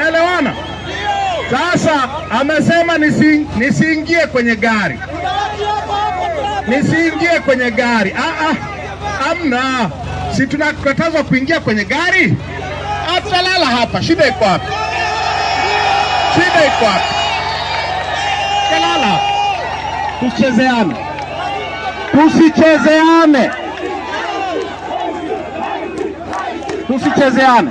Tunaelewana? Sasa amesema nisi, nisiingie kwenye gari, nisiingie kwenye gari. Ah, ah, amna, si tunakatazwa kuingia kwenye gari? Atalala hapa, shida iko wapi? Shida iko wapi? Talala, tusichezeane, tusichezeane, tusichezeane.